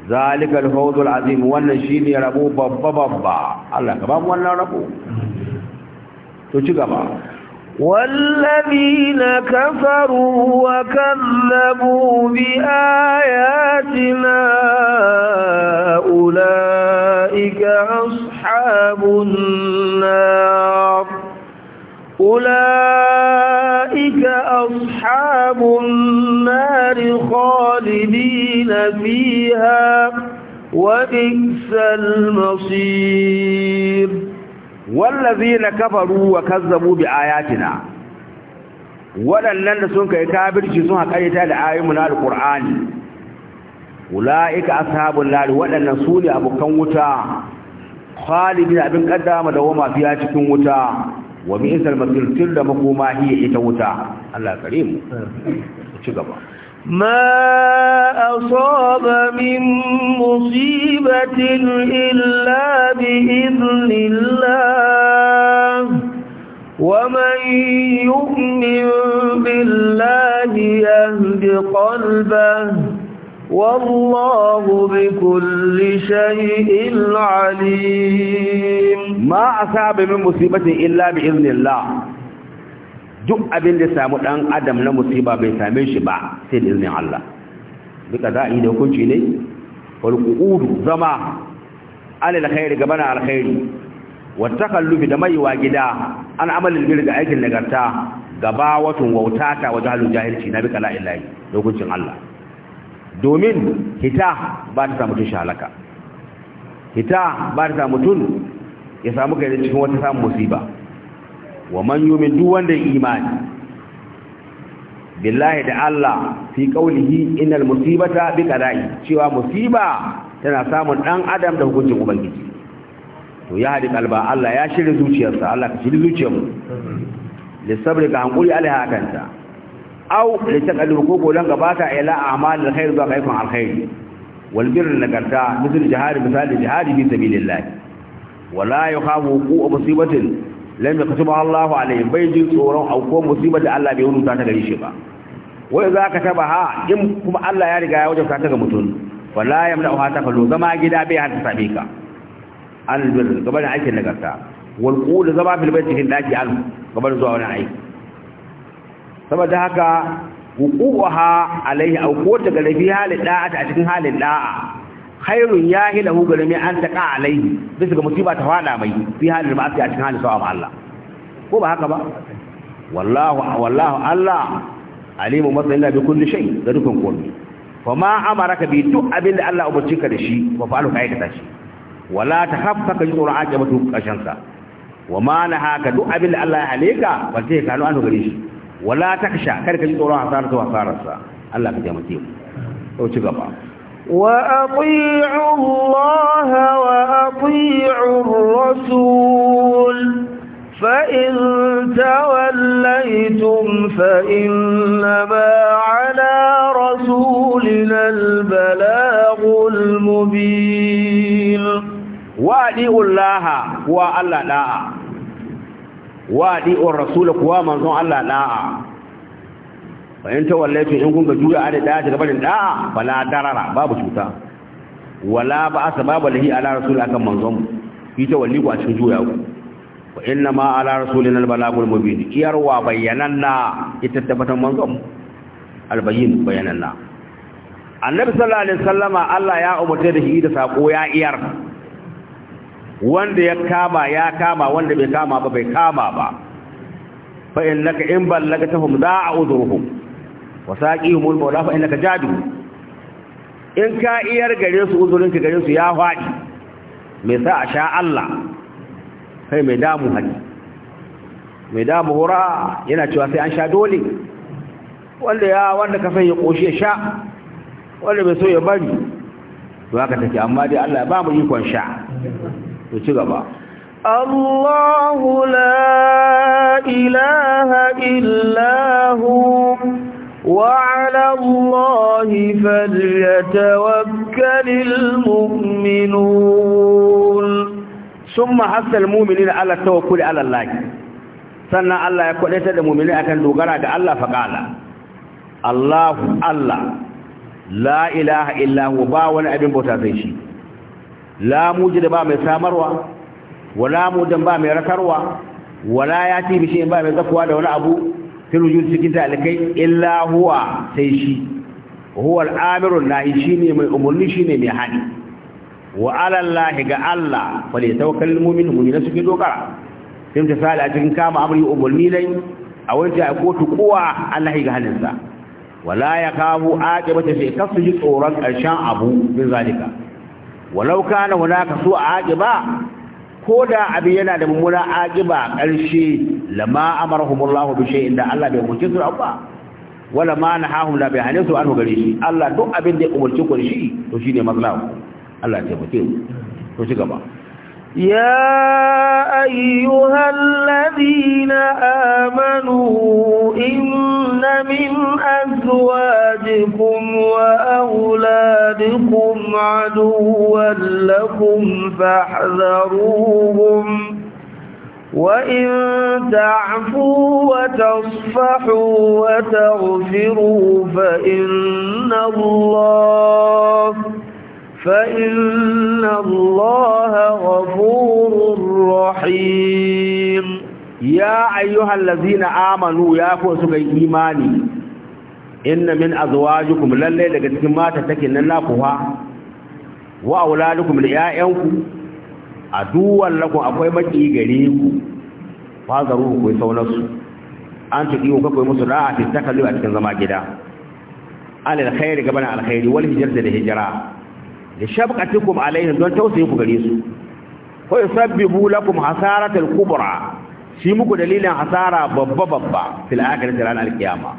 zalikal fawzul azim wannan shine rabo babba babba Allah ka ba mu wannan rabo to ci والذين كفروا وكذبوا بآياتنا أولئك أصحاب النار أولئك أصحاب النار خالدين فيها وبئس المصير wallazina kafaru wa kazzabu bi ayatina waɗannan da sun kai kafirci sun haƙaita da ayoyinmu na alƙur'ani ula'ika ashabul nar waɗannan su ne abokan wuta khalidin abin kaddama da wama fiya cikin wuta wa bi'sal masir da makoma hiya ita wuta Allah karimu ci gaba ما أصاب من مصيبة إلا بإذن الله ومن يؤمن بالله يهد قلبه والله بكل شيء عليم ما أصاب من مصيبة إلا بإذن الله duk abin da samu dan adam na musiba bai same shi ba sai da izinin Allah duka za yi da hukunci ne wal qu'udu zama alal khairi gabana al khair wa takallufi da maiwa gida an amalin gida ga aikin nagarta gaba watun wautata wa jahalun jahilci na bika la da hukuncin Allah domin hita ba ta samu tun hita ba ta samu tun ya samu kai cikin wata samun musiba wa man yumin duk wanda ya imani billahi da Allah fi qawlihi innal musibata bi qada'i cewa musiba tana samun dan adam da hukuncin ubangiji to ya hadi kalba Allah ya shirye zuciyarsa Allah ka shirye zuciyarmu li sabri ka hankuri alaiha kanta aw li taqallu ko golan gabata ila a'mal alkhair zuwa kaikan alkhair wal birr nagarta misal jihad misal jihad fi sabilillah wala yakhafu a musibatin lam yaktuba Allahu alayhi bai jin tsoron auko musibar da Allah bai rubuta ta gare shi ba wai za ka taba ha in kuma Allah ya riga ya wajen wajabta ta ga mutum wala yamna ha ta fallo zama gida bai har ta same ka an bir gaban aikin nagarta wal qul zama fil baiti cikin daki al gaban zuwa wani aiki saboda haka huquha alaihi auko ta ga lafi halin da'a a cikin halin da'a khairun ya hila hu an ta ka alaihi bisa ga musiba ta fada mai fi halin ma'asi a cikin halin sawa Allah ko ba haka ba wallahu wallahu Allah alimu matsayin da bi kulli shay da dukkan komai fa ma amaraka bi duk abin da Allah umarci ka da shi wa kai ka tashi, shi wala takhaffa ka yusura ajabatu kashanka wa ma haka duk abin da Allah ya halika ba sai ka hannu gare shi wala taksha kar ka ji tsoron hasararsa sa, Allah ka jama'a mu to ci gaba وأطيعوا الله وأطيعوا الرسول فإن توليتم فإنما على رسولنا البلاغ المبين وأطيعوا الله وألا لا وأطيعوا الرسول كواما الله لا bayan wallai to in kun ga juya a da ɗaya ta gabanin ɗaya fala darara babu cuta wala ba asa babu lahi ala rasul akan manzon mu yi ta walli ku a cikin juya ku wa inna ma ala rasulina albalagul mubin iyarwa bayyananna ita tabbatar manzon mu albayin bayananna annabi sallallahu alaihi wasallama Allah ya umarta da shi da sako ya iyar wanda ya kama ya kama wanda bai kama ba bai kama ba fa innaka in ballagtahum za'a udhurhum wasaqihumul mawla fa innaka jadu in ka iyar gare su uzurin ka gare su ya fadi me sa a sha Allah kai me damu haji Me damu hura yana cewa sai an sha dole wanda ya wanda ka san ya koshi ya sha wanda bai so ya bari to haka take amma dai Allah ba mu ikon sha to ci gaba Allahu la ilaha إلا وعلى الله فليتوكل المؤمنون ثم حث المؤمنين على التوكل على الله sannan Allah ya kwadaita da mu'mini akan dogara ga Allah faqala Allahu Allah la ilaha illa huwa ba wani abin bauta sai shi la mujid mai samarwa wala mudan ba mai rakarwa wala ba mai da wani abu fil wujud cikin talikai illa huwa sai shi huwa al-amirul nahi shine mai umurni shine mai hani wa ala Allah ga Allah fa li tawakkal mu'min mu'min suke dogara sai ta sala a cikin kama amri umarni dai a wajen a kotu kowa Allah ga halinsa wala yakahu aqibata sai kasu ji tsoron karshen abu bin zalika walau kana hunaka su aqiba ko da abin yana da mummuna aƙiba ƙarshe lama amarhumullahu bi shay'in da Allah bai umarci su ba wala ma nahahum la bi hanisu an gare shi Allah duk abin da ya umurci ku shi to shine mazlamu Allah ya taimake mu to shi gaba يا أيها الذين آمنوا إن من أزواجكم وأولادكم عدوا لكم فاحذروهم وإن تعفوا وتصفحوا وتغفروا فإن الله فإن الله غفور رحيم يا أيها الذين آمنوا يا فوسك إيماني إن من أزواجكم للي لقد ما تتكن لناكوها وأولادكم لآيانكم aduwan lakon akwai maki gare ku fazaru ku saunarsu an tuki ku kai musu da'a fi takalu a cikin zama gida alal khairi gaban alkhairi wal da hijra da shafqatikum alaihim don tausayin ku gare su ko yusabbibu lakum hasaratal kubra shi muku dalilin hasara babba babba fil akhirati ran alqiyama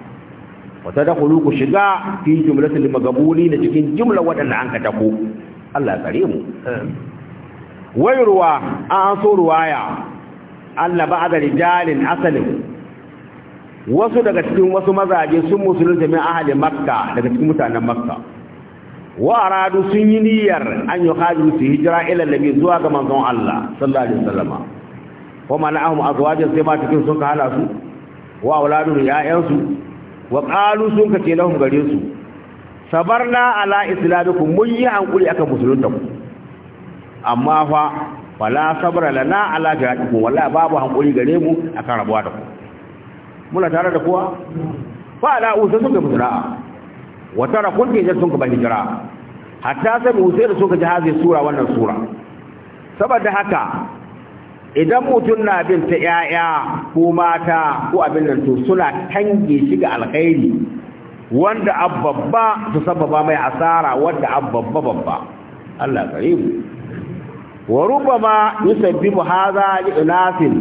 wa tadkhulu ku shiga fi jumlatil magabuni na cikin jumla wadanda an ka tako Allah kare mu wayruwa an so ruwaya Allah ba'da rijalin asalin wasu daga cikin wasu mazaje sun musulunta min ahli makka daga cikin mutanen makka wa aradu sun yi niyyar an yi hajji su hijira ila nabi zuwa ga manzon Allah sallallahu alaihi wasallam wa mana'ahum azwaj sai matakin sun ka su wa auladun ya'yansu wa qalu sun ka ce lahum gare su sabarna ala islamikum mun yi hankuli aka musulunta ku amma fa wala sabra lana ala jihadikum wallahi babu hankuli gare mu akan rabuwa da ku muna tare da kowa fa ala usu sun ga musulunta wata rakun ke sun ka hijira hatta sai mu sai da suka ji hazai sura wannan sura saboda haka idan mutum na bin ta yaya ko mata ko abin nan to suna tange shi ga alkhairi wanda abbabba su sababa mai asara wanda abbabba babba Allah karimu wa rubama yusabbibu hadha li unasin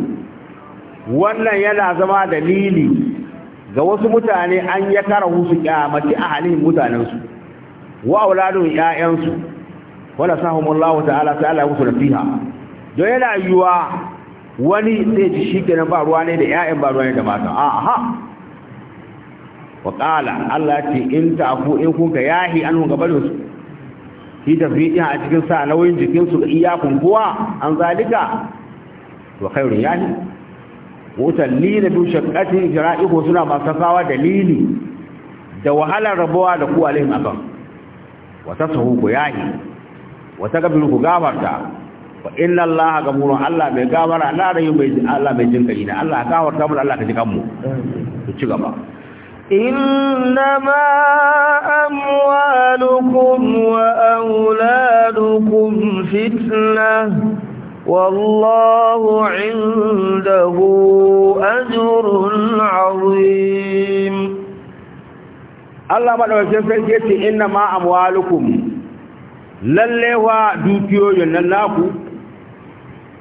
wannan yana zama dalili ga wasu mutane an ya karahu su kyamaci a halin mutanensu wa auladun ƴaƴansu wala Allah ta'ala ta'ala musu nasiha don yana yiwuwa wani zai ji shi kenan ba ruwa ne da ƴaƴan ba ruwa ne da mata aha wa qala Allah ce in ta'fu in kun ka yahi an ga barin shi fi a cikin sa nauyin jikinsu, su iyakun kuwa an zalika wa khairun yahi wutalli na dushe ƙatin jira'ihu suna masu kawa dalili da wahalar rabuwa da ku alaihim akan wata sahu ku yahi wata gabin ku gafarta fa inna Allah gafurun Allah bai gafara da yi mai Allah mai jin kai da Allah gafarta mu Allah ka ji kanmu ku ci gaba إنما أموالكم وأولادكم فتنة والله عنده أجر عظيم الله ما لو جسدتي إنما أموالكم للهوا دوكيوين نناكو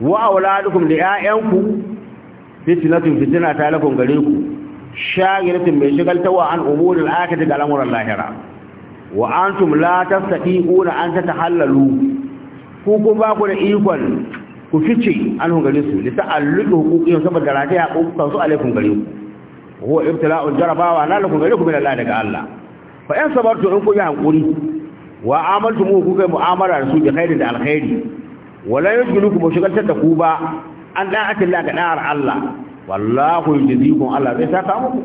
وأولادكم لآيانكو فتنة فتنة تعالكم غريكو شاغرة من شغلتوا عن أمور الآخرة كالأمور اللاهرة وأنتم لا تستطيعون أن تتحللوا كوكو باكو لإيقوان ku fice an hungare su lisa alluki hukukin saboda rataya hukukan su alaikum gare ku huwa ibtila'un jarabawa na lakum gare ku min Allah daga Allah fa 'yan sabartu in ku yi hankuri wa amaltum ku kai mu'amala da su bi khairin da alkhairi wala yujlukum mushgaltar da ku ba an da'ati Allah ga da'ar Allah wallahu yujzikum Allah zai saka muku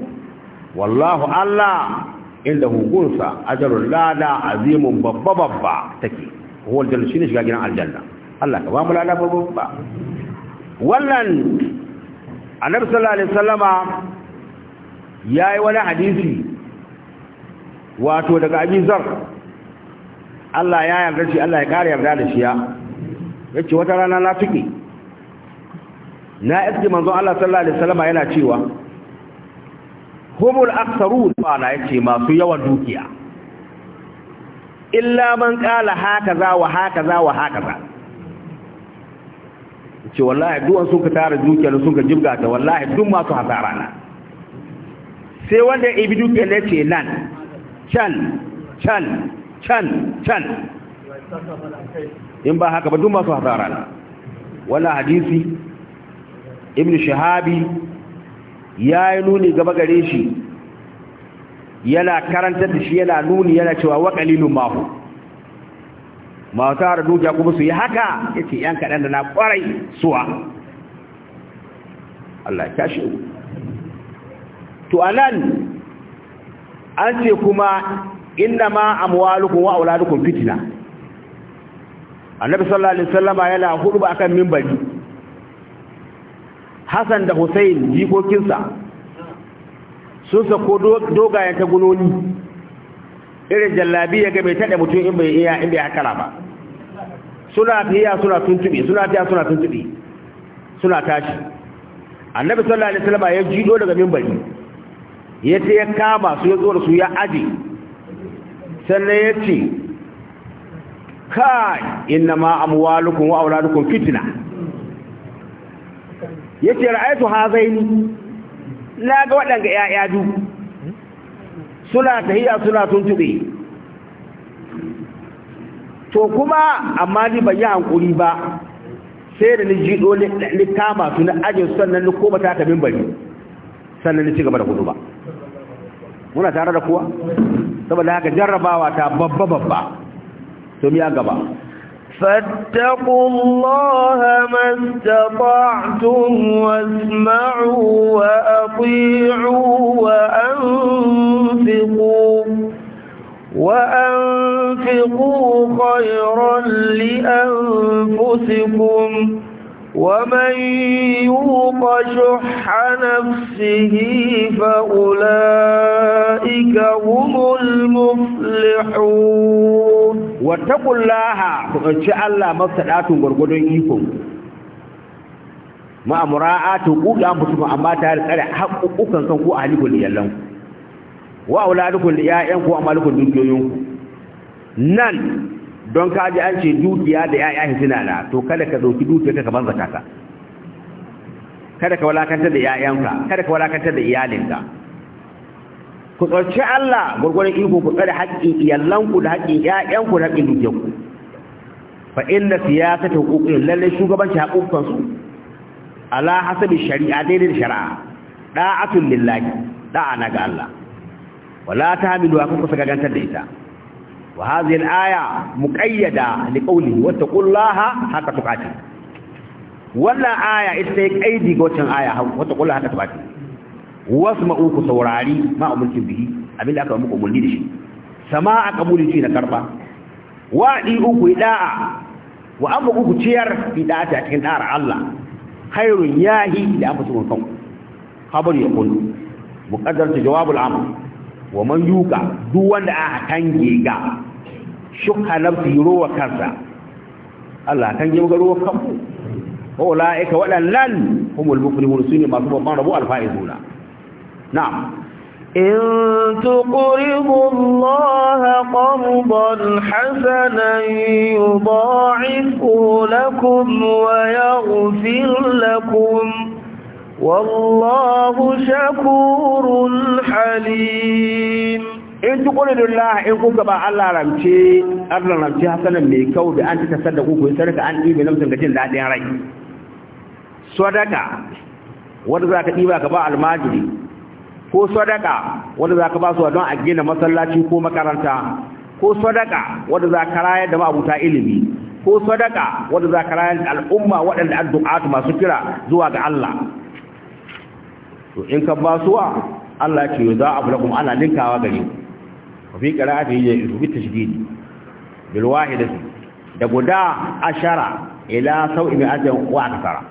wallahu Allah inda hukunsa ajrul lada azimun babba babba take huwa aljanna shine shiga gidan aljanna Allah ka ba mu lada ba wannan annabi sallallahu alaihi wasallama yayi wani hadisi wato daga Abi Zar Allah ya yarda shi Allah ya kare yarda da shi ya yace wata rana na tuki na iske manzo Allah sallallahu alaihi wasallama yana cewa humul aktharun ana yace masu yawan dukiya illa man qala hakaza wa hakaza wa hakaza ce wallahi duwan sun ka tara dukiyar sun ka jibga ta wallahi duk masu hasara na sai wanda ya ibi dukiyar ne ce nan can can can can in ba haka ba duk masu hasara na wala hadisi ibn shahabi ya yi nuni gaba gare shi yana karantar da shi yana nuni yana cewa wa mahu masu da dukiya kuma su yi haka ya ce ‘yan kaɗan da na ƙwarai suwa Allah ya shi to a nan an ce kuma inna ma amwalukun wa auladukun fitina annabi sallallahu alaihi Sallama yana hudu ba akan mimbari Hassan da Hussein jikokinsa sun sako dogayen tagunoni irin jallabi ya ga bai taɗa mutum in bai iya in bai ba suna tahiya suna tuntubi suna tahiya suna tuntubi suna tashi annabi sallallahu alaihi wasallam ya jido daga minbari ya ce ya kama su ya zo su ya aje sannan ya ce kai inna ma amwalukum wa auladukum fitna yace ra'aytu hazaini na ga waɗanga ƴaƴa du suna tahiya suna tuntube to kuma amma ni ban yi hankuri ba sai da ni jido ni kama su na ajin sannan ni koma ta min bari sannan ni ci gaba da gudu ba muna tare da kuwa saboda haka jarrabawa ta babba babba to miya gaba فاتقوا الله ما استطعتم واسمعوا وأطيعوا وأنفقوا وأنفقوا خيرا لأنفسكم ومن يوق شح نفسه فأولئك هم المفلحون واتقوا الله شاء الله ما استطعتم غرغدون إيكم ما أمراءاتكم أمراءاتكم أمراءاتكم أمراءاتكم أمراءاتكم أمراءاتكم أمراءاتكم أمراءاتكم ليالهم wa auladukum da ƴaƴan ku amalukum dukiyoyin ku nan don ka ji an ce dukiya da ƴaƴa hitina na to kada ka dauki dukiya ka ban zakata kada ka walakanta da ƴaƴanka kada ka walakanta da iyalinka ku tsarci Allah gurgurin iko ku tsare haƙƙin iyalanku da haƙƙin ƴaƴanku da haƙƙin dukiyarku fa inna siyasata huquqin lalle shugabanci haƙƙokan su ala hasabi shari'a daidai da shari'a da'atun lillahi da'a na ga Allah wala ta tahmilu akan ku sagagantar da ita wa hadhihi al-aya da li wata wattaqullaha haka tuqatih wannan aya ita kaidi ga wannan aya wata wattaqullaha haqqa tuqatih wasma'u ku saurari ma umurtu bihi abinda aka muku umurni da shi sama'a qabuli shi na karɓa. wa'di uku da'a wa amma uku ciyar fi da'a cikin da'ar Allah khairun yahi da amma tukun kanku khabar yaqulu ta jawabul amr wa man yuka duk wanda aka kange ga shukha nafsi ruwa kansa Allah kan yi ga ruwa kanku ulaika wadannan humul muflihun sunni masu babban rabo alfaizuna na'am إن تقرضوا الله قرضا حسنا يضاعفه لكم ويغفر لكم والله shakurun حليم in tukuri lillah in kuka ba Allah ramce Allah ramce hasanan mai kyau da an cika sadda ku yi sadaka an dibe namsin ga jin dadin rai sadaka wanda ka diba ka ba almajiri ko sadaka wanda ka ba su don a gina masallaci ko makaranta ko sadaka wanda ka rayar da mabuta ilimi ko sadaka wanda ka rayar da al'umma waɗanda addu'atu masu kira zuwa ga Allah to in ka basuwa Allah ce za a fulakum ana linkawa gare ku fi qira'ati ya isu bi tashdidi bil wahidati da guda ashara ila sau'i bi ajin wa akthara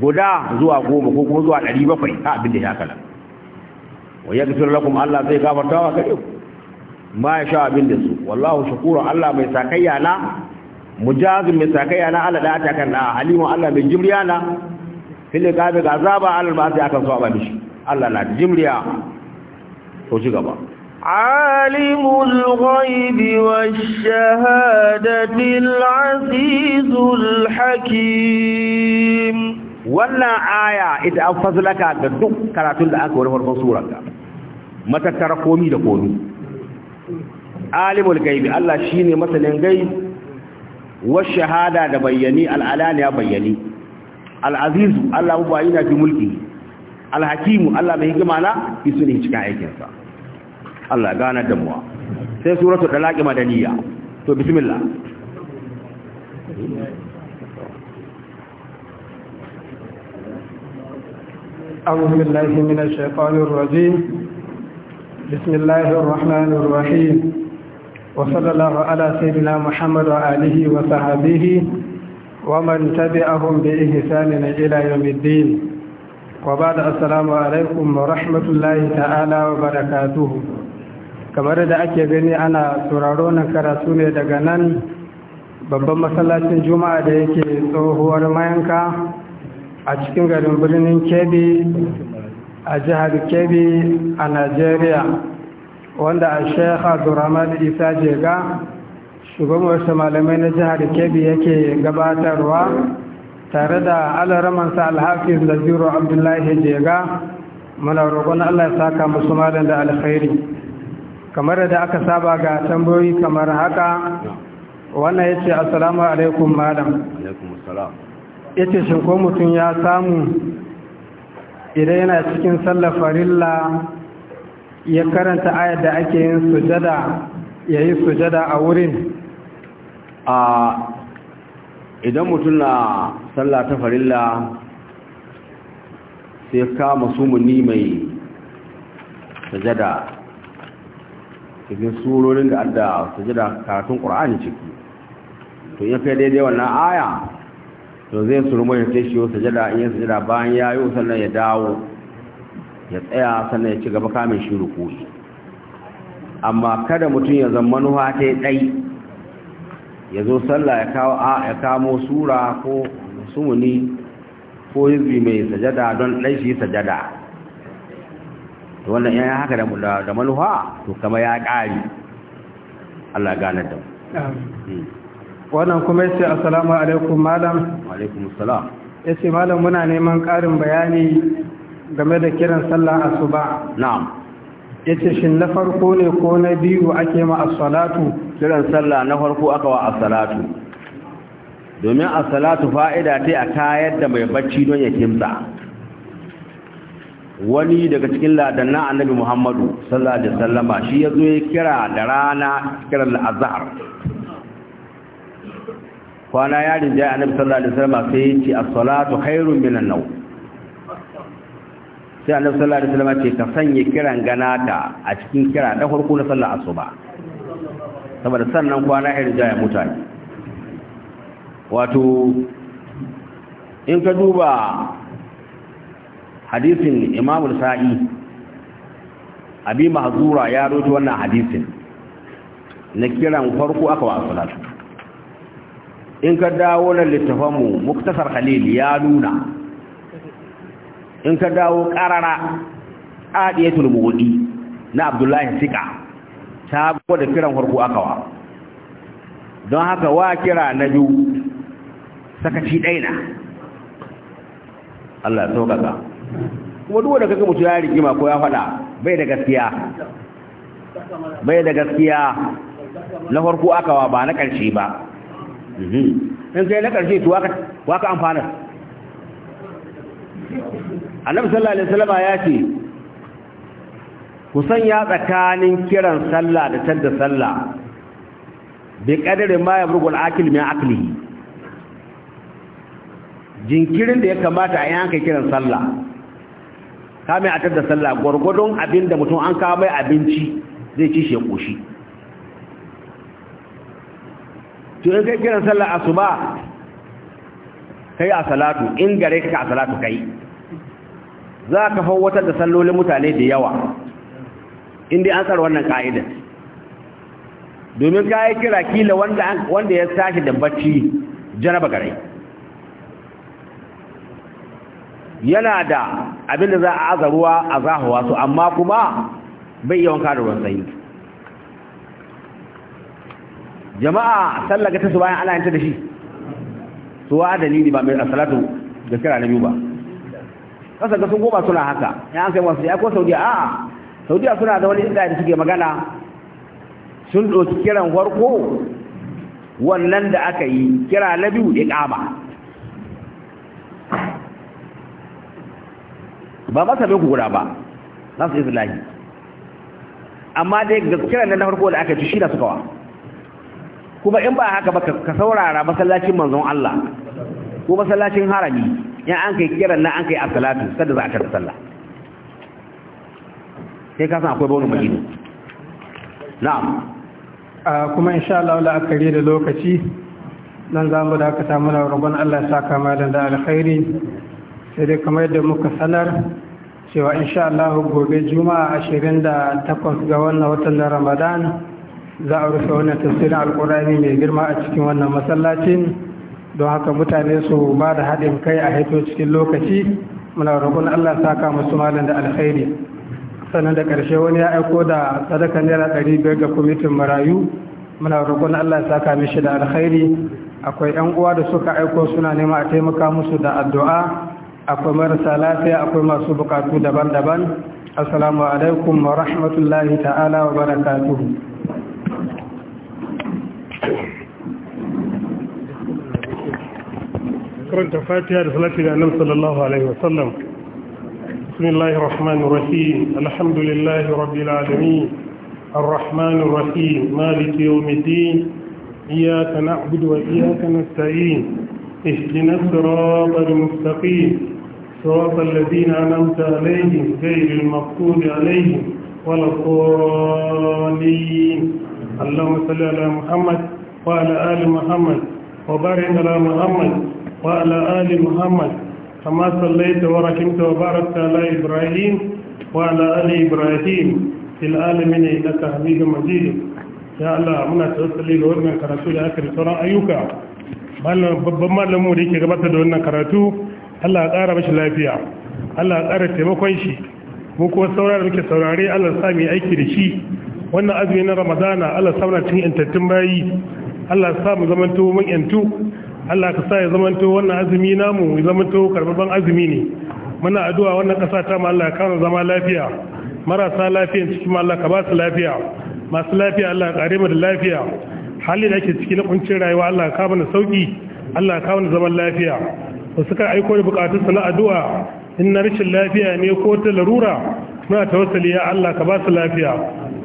guda zuwa goma ko kuma zuwa 700 ta abin da ya kala wa yaghfir lakum Allah zai gafarta wa kai ku ma ya sha abin da su wallahu shakurun Allah mai sakayya na mujazim mai sakayya na Allah da ta kan da halimu Allah mai jibriyana na fili gabi ga zaba alal ba su yakan soba mishi allah na jimriya ko ci gaba alimul ghaibi washahadatil azizul hakim wannan aya ita an fasalaka ga duk karatun da aka wani farkon surar ka komi da komi alimul gaibi allah shine masanin gaibi shahada da bayani al'ala ya bayani al'azizu Allah ba yana fi mulki alhakimu Allah mai hikima na fi ne cikin aikinsa Allah gana damuwa sai suratul talaqi madaniya to bismillah أعوذ بالله من الشيطان الرجيم بسم الله الرحمن الرحيم وصلى الله على سيدنا محمد وآله وصحبه ومن تبعهم بإحسان إلى يوم الدين وبعد alaikum عليكم ورحمة الله تعالى وبركاته kamar da ake gani ana sauraro na karatu ne daga nan babban masallacin juma'a da yake tsohuwar mayanka a cikin garin birnin kebbi a jihar kebbi a najeriya wanda a sheikh abdurrahman isa jega shugaban wasu malamai na jihar kebbi yake gabatarwa tare da alaramansa alhafiz da zuro abdullahi jega muna roƙon allah ya saka musu malam da alkhairi kamar da aka saba ga tambayoyi kamar haka wannan ya ce assalamu alaikum malam ya ce shinko mutum ya samu idan yana cikin sallar farilla ya karanta ayar da ake yin sujada ya yi sujada a wurin a idan mutum na sallah ta farilla sai kama sumuni mai sajada cikin surorin da adda sajada karatun ƙura'ani ciki to ya kai daidai wannan aya to zai surma ya kai shi sajada in ya sajada bayan ya yi sannan ya dawo ya tsaya sannan ya ci gaba kamin shi rukuni amma kada mutum ya zama manuwa ta ɗai ya zo sallah ya kawo a ya kamo sura ko sumuni ko hizbi mai sajada don ɗan shi sajada wannan yana haka da manufa to kama ya ƙari Allah gane da hmm. wannan kuma yace assalamu alaikum malam alaikum assalam yace malam muna neman ƙarin bayani game da kiran sallah asuba na'am yace shin na farko ne ko na biyu ake ma as-salatu kiran sallah na farko aka wa as-salatu domin as-salatu fa'ida ta a tayar da mai bacci don ya kimsa wani daga cikin ladanna annabi Muhammadu sallallahu alaihi wasallama shi yazo ya kira da rana kiran azhar kwana yarin da annabi sallallahu alaihi wasallama sai ya ce as-salatu khairun minan nawm sai annabi sallallahu alaihi wasallam ce ka sanya kiran ganata a cikin kira da farko na sallar asuba saboda sannan kwana irin jaya mutane wato in ka duba hadisin imam sa'i abi mahzura ya roto wannan hadisin na kiran farko aka wa salatu in ka dawo na littafanmu muktasar khalil ya nuna in ka dawo ƙarara adiyatul mughdi na abdullahi sika ta da kiran farko akawa don haka wa kira na biyu sakaci daina Allah ya saukaka kuma duk wanda kake mutu ya rigima ko ya fada bai da gaskiya bai da gaskiya na farko akawa ba na ƙarshe ba mhm. in sai na ƙarshe to waka amfana annabi sallallahu alaihi wasallam ya ce ku sanya tsakanin kiran sallah da tada sallah bi kadarin ma yabrugul akil min aklihi jinkirin da ya kamata a yanka kiran sallah mai a tada sallah gwargwadon abinda mutum an kawo mai abinci zai ci shi koshi to in kai kiran sallah asuba kai a salatu in gare ka a salatu kai za ka fawwatar da sallolin mutane da yawa inda an tsar wannan ka'idar domin ka yi kira kila wanda ya tashi da bacci janaba gare yana da abinda za a aza a zahawa su amma kuma bai yawan kada ruwan sanyi jama'a sallaga ta su bayan ana yanta da shi suwa dalili ba mai asalatu da kira na biyu ba kasa ga sun goma suna haka ya an kai wasu ya ko saudiya a'a saudiya suna da wani inda da suke magana sun ɗauki kiran farko wannan da aka yi kira na biyu ya ƙama ba masa bai guda ba za su islahi amma dai ga kiran na farko da aka ci shi na suka wa kuma in ba haka ba ka saurara masallacin manzon Allah ko masallacin harami yan an kai kiran nan an kai asalatu kada za a kada sallah sai ka san akwai bawon madina na'am kuma insha Allah wala akari da lokaci dan za mu da aka samu na rabon Allah ya saka malam da alkhairi sai dai kamar yadda muka sanar cewa insha Allah gobe juma'a 28 ga wannan watan Ramadan za a rufe wannan tafsirin alqurani mai girma a cikin wannan masallacin don haka mutane su ba da haɗin kai a haito cikin lokaci muna roƙon Allah saka musu malam da alkhairi sannan da ƙarshe wani ya aiko da sadaka naira ɗari biyar ga kwamitin marayu muna roƙon Allah saka mishi da alkhairi akwai 'yan uwa da suka aiko suna nema a taimaka musu da addu'a akwai marasa lafiya akwai masu buƙatu daban-daban assalamu alaikum wa rahmatullahi ta'ala wa barakatuhu تقرأ تفاتيها لصلاة الأنم صلى الله عليه وسلم بسم الله الرحمن الرحيم الحمد لله رب العالمين الرحمن الرحيم مالك يوم الدين إياك نعبد وإياك نستعين اهدنا الصراط المستقيم صراط الذين أنعمت عليهم غير المقصود عليهم ولا الضالين اللهم صل على محمد وعلى آل محمد وبارك على محمد وعلى آل محمد كما صليت ورحمت وباركت على إبراهيم وعلى آل إبراهيم في العالمين إنك حميد مجيد يا الله منا توصلي ga wannan karatu da aka sauran ayyuka mallam babban malamu da yake gabatar da wannan karatu Allah ya ƙara mashi lafiya Allah ya ƙara taimakon shi mu kuma saurari muke saurare Allah ya sa mu aiki da shi wannan azumi na Ramadana Allah ya sa mu bayi Allah ya sa mu mun yantu Allah ka sa ya zamanto wannan azumi namu ya zamanto karbaban azumi ne muna addu'a wannan kasa ta mu Allah ya kawo zama lafiya marasa lafiya cikin mu Allah ka ba su lafiya masu lafiya Allah ya kare mu da lafiya hali da ake ciki na kuncin rayuwa Allah kawo mana sauki Allah kawo mana zaman lafiya wasu kan aiko da bukatun su na addu'a in na rashin lafiya ne ko ta larura muna tawassuli ya Allah ka ba su lafiya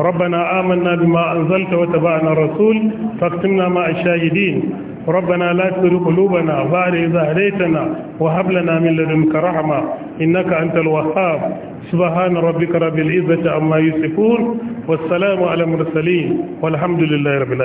ربنا آمنا بما أنزلت وتبعنا الرسول فاكتمنا مع الشاهدين ربنا لا تزغ قلوبنا بعد إذ هديتنا وهب لنا من لدنك رحمة إنك أنت الوهاب سبحان ربك رب العزة عما يصفون والسلام على المرسلين والحمد لله رب العالمين